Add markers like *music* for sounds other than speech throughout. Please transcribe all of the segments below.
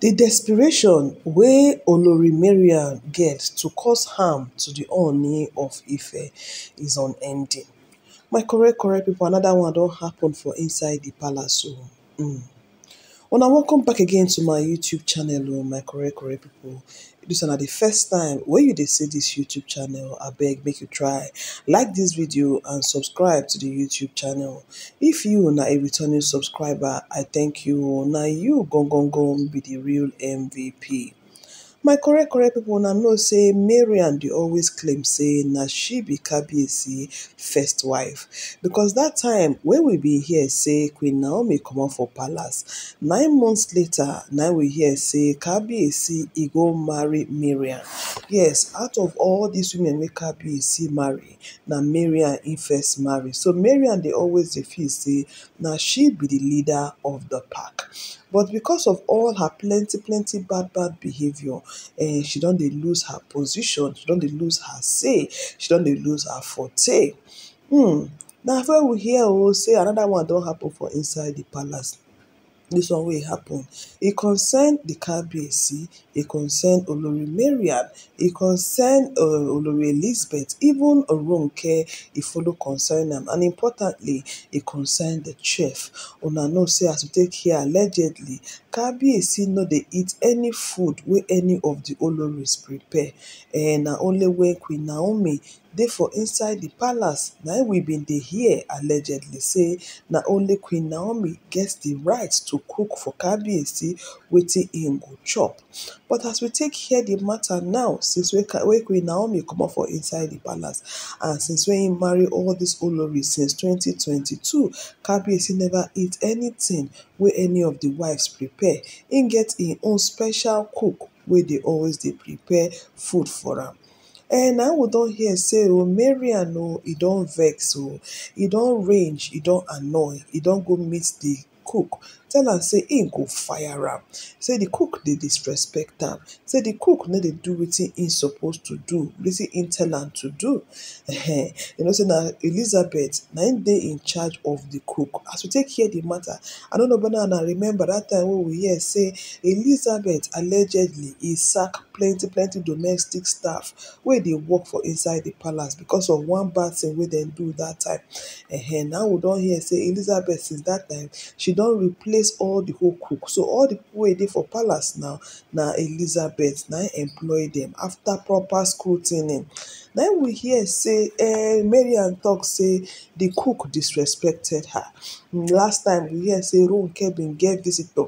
The desperation wey olori mariam get to cause harm to the ooni of ife is unending. my correct correct people, another one don happen for inside the palace So, um Una welcome back again to my YouTube channel, oh, my correct correct people. This is the first time when you they see this YouTube channel, I beg make you try like this video and subscribe to the YouTube channel. If you not a returning subscriber, I thank you. Oh. Now you go go go be the real MVP. my correct correct pipo una know say marian dey always claim say na she be kabisi first wife because dat time wey we bin hear say queen naomi comot for palace nine months later na we hear say kabisi e go marry marian yes out of all dis women wey kabisi marry na marian e first marry so marian dey always dey feel say na she be di leader of di pack. but because of all her plenty plenty bad bad behaviour eh, she don dey lose her position she don dey lose her say she don dey lose her forte. Hmm. na afta we hear oh say another one don happen for inside the palace This one will happen. It concerned the KBC, it concerned Olori Marian, it concerned uh, Olori Elizabeth, even Oronke, it follow concern them. And importantly, it concerned the chief. Una no say as we take here allegedly, KBC no they eat any food where any of the Oloris prepare. Eh, and only when Queen Naomi Therefore, inside the palace now we been the here. allegedly say na only queen naomi gets the right to cook for Kabiyesi wetin im go chop but as we take hear di mata now since wey queen naomi comot for inside di palace and since wey im marry all dis olori since 2022 Kabiyesi neva eat anytin wey any of di wives prepare Im get im own special cook wey dey always dey prepare food for am eh, na i don hear say o oh, marian o oh, e don vex o oh. e don rage e don annoy e don go meet di cook. tell am say im go fire am say di cook dey disrespect am say di cook no dey do wetin im suppose to do wetin im tell am to do you know say na elizabeth na im dey in charge of di cook as we take hear di matter i no know whether una remember dat time wey we hear say elizabeth allegedly e sack plenty plenty domestic staff wey dey work for inside di palace because of one bad thing wey dem do dat time now we don hear say elizabeth since dat time she don replace all di whole cook so all di people wey dey for palace now na elizabeth na employ dem afta proper school na im we hear say eh, marian tok say di cook disrespected her last time we hear say ronke bin get visitor.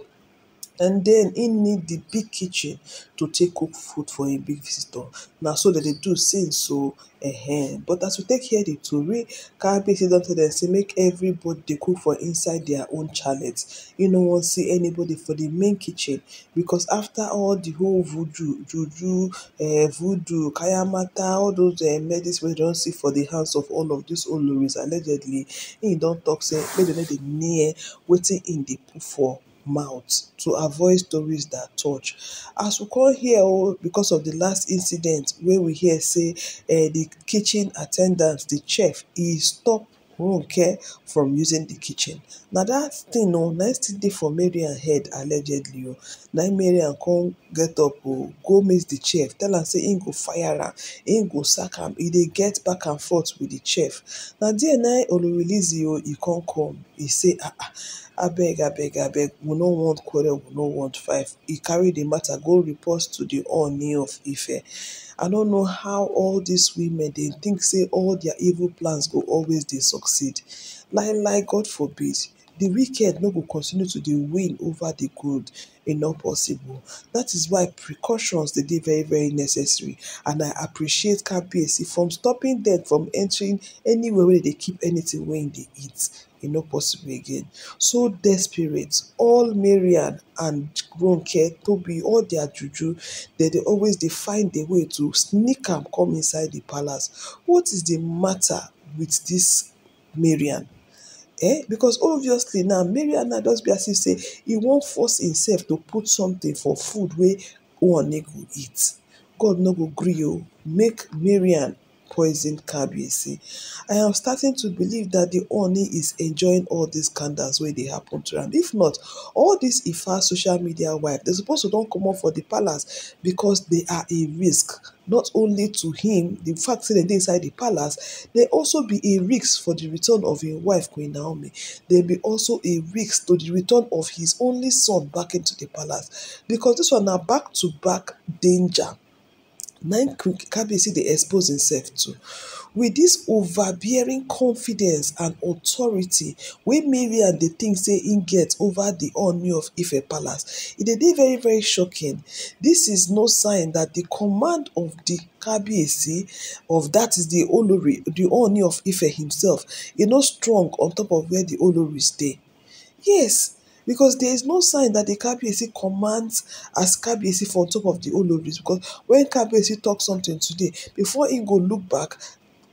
and then he need the big kitchen to take cook food for im big visitor na so dem dey do since o um but as we take hear the tori Kabiyesi don tell them say make everybody dey cook for inside their own chalet You no wan see anybody for the main kitchen because after all the whole voodoo juju um voodoo kayamata all those um medicine we don't see for the house of all of dis oloris allegedly im don't talk say make dem no dey near waiting in the put for mouth to avoid stories that touch as we call hear o oh, because of the last incident where we hear say um the kitchen at the chef is stopped. We care from using the kitchen na that thing o oh, na im still dey for mariam head allegedly o oh. na im mariam come get up o oh, go meet the chef tell am say im go fire am im go sack am e dey get back and forth with the chef na there na olorilizi o e come come e say ah ah abeg abeg abeg we no want quarrel we no want fight e carry the matter go report to the Ooni of Ife i no know how all these women dey think say all their evil plans go always dey succeed. succeed lie, god forbid the wicked no go continue to the win over the good in no possible that is why precautions they did very very necessary and i appreciate kpsc from stopping them from entering anywhere where they keep anything when they eat in no possible again so desperate all marian and to be all their juju they, they always they find a way to sneak and come inside the palace what is the matter with this? marian eh because obviously now marian now just be as if say he won't force himself to put something for food where one no go eat god no go gree oh. make marian poisoned Kabiyesi. I am starting to believe that the Oni is enjoying all these scandals where they happen to am. If not, all this Ifa social media wife, they supposed to don't come up for the palace because they are a risk not only to him the fact say they dey inside the palace dey also be a risk for the return of im wife queen naomi dey be also a risk to the return of his only son back into the palace because this one na back to back danger nine Kabiyesi dey expose himself to with this overbearing confidence and authority wey Mariam dey think say im get over the Ooni of Ife palace. E dey dey very very shocking. This is no sign that the command of the Kabiyesi of that is the Olori the Ooni of Ife himself e no strong on top of where the Oloris dey. Yes, because there is no sign that the Kabiyesi commands as Kabiyesi on top of the Oloris because when Kabiyesi talk something today before he go look back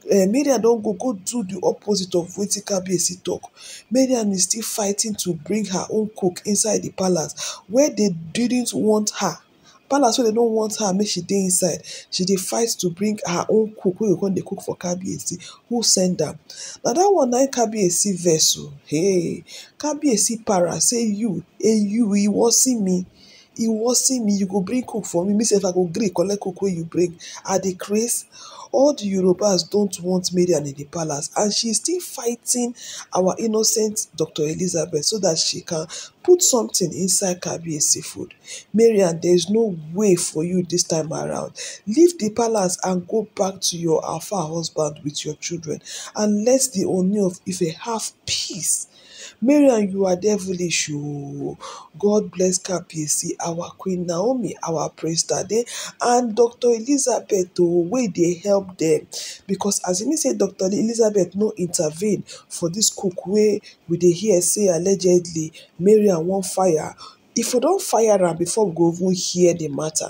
uh, eh, Mariam don go go do the opposite of wetin Kabiyesi talk Mariam is still fighting to bring her own cook inside the palace where they didn't want her palace wey dem no want her make she dey inside she dey fight to bring her own cook wey go come dey cook for kabiyesi who send am na dat one na kabiyesi vex o hey kabiyesi para say you Hey, you. see me. iwọsi mi see me. you go bring cook for me me sef i go gree collect cook wey you bring i dey craze all the Yorubas don't want Marian in the palace and she's still fighting our innocent Dr. Elizabeth so that she can put something inside Kabiyesi food. Marian, there's no way for you this time around. Leave the palace and go back to your alpha husband with your children and let the only of a half peace Mariam, you are devilish. Oh. God bless KPC, our Queen Naomi, our praise today, and Dr. Elizabeth, The oh, way they help them. Because as you e say, Dr. Elizabeth no intervene for this cook way with the hearsay allegedly Mariam won't fire. If we don't fire her before we go even hear the matter,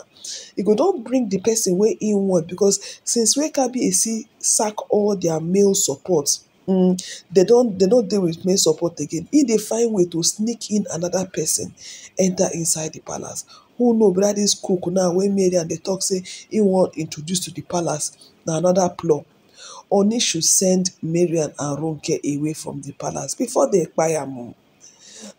e go don't bring the person wey in one, because since wey kabiyesi sack all their male supports um, they don't. they don deal with main support again He dey find way to sneak in another person enter inside the palace who know Bradley's cook now wey mariam they talk say he want introduce to the palace na another plot oni should send Marian and ronke away from the palace before they kpai am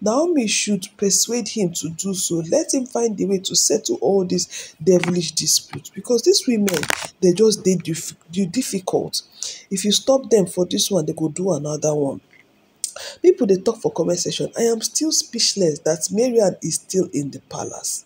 naomi should persuade him to do so let him find di way to settle all dis devilish dispute becos dis women dey just dey difficult if you stop dem for dis one dem go do anoda one pipo dey tok for comment section i am still speechless that marian is still in di palace.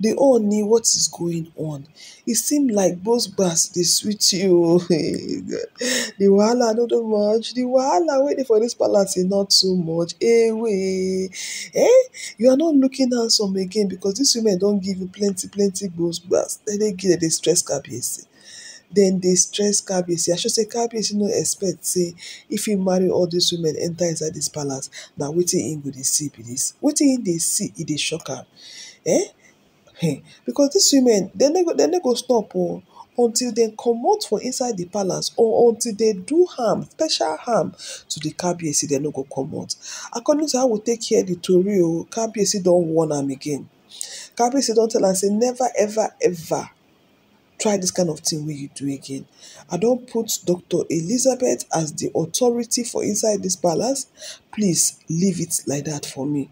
they all knew what is going on. It seemed like both bars they switch you. *laughs* the wahala no too much. The wahala waiting for this palace is not too much. Hey, eh, way. Eh? You are not looking handsome again because these women don't give you plenty, plenty both bars. Then they give the stress cabbiecy. Then they stress Kabiyesi. I should say Kabiyesi no expect say if he marry all these women enter inside this palace, na waiting in go dey see be this. Wetin he dey see, e dey shock Eh? because these women they never, they never go stop o oh, until they come out for inside the palace or until they do harm special harm to the KBC, they no go come comot according to how we take hear di tori o oh, kabiyesi don warn them again KBC don't tell am say never ever ever try this kind of thing wey you do again i don't put dr elizabeth as the authority for inside this palace please leave it like that for me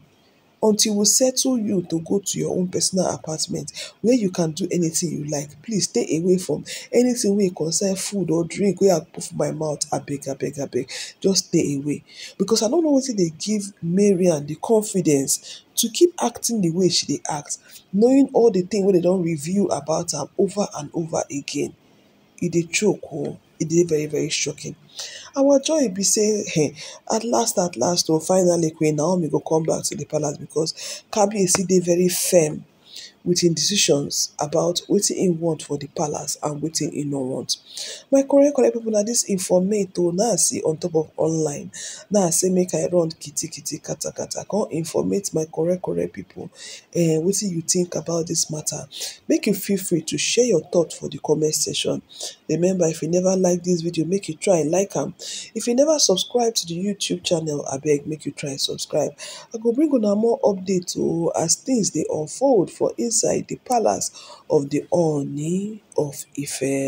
until we settle you to go to your own personal apartment where you can do anything you like please stay away from anything wey concern food or drink wey i put for my mouth abeg abeg abeg just stay away because i no know wetin dey give marian the confidence to keep acting the way she dey act knowing all the thing wey dem don reveal about am over and over again e dey choke oo. Oh it dey very very shocking. Our joy be sey "Hey, at last at last oh finally queen Naomi go come back to di palace becos Kabiyesi dey very firm With im decisions about wetin im want for the palace and wetin im no want. My correct correct people now this informate o na I see on top of online now I say make I run kitty kitty kata. katakata come informate my correct correct people pipu what do you think about this matter. Make you feel free to share your thought for the comment section. Remember if you never like this video make you try like am, if you never subscribe to the YouTube channel I beg make you try subscribe. I go bring on a more update to as things they unfold for inside inside di palace of di urni of ife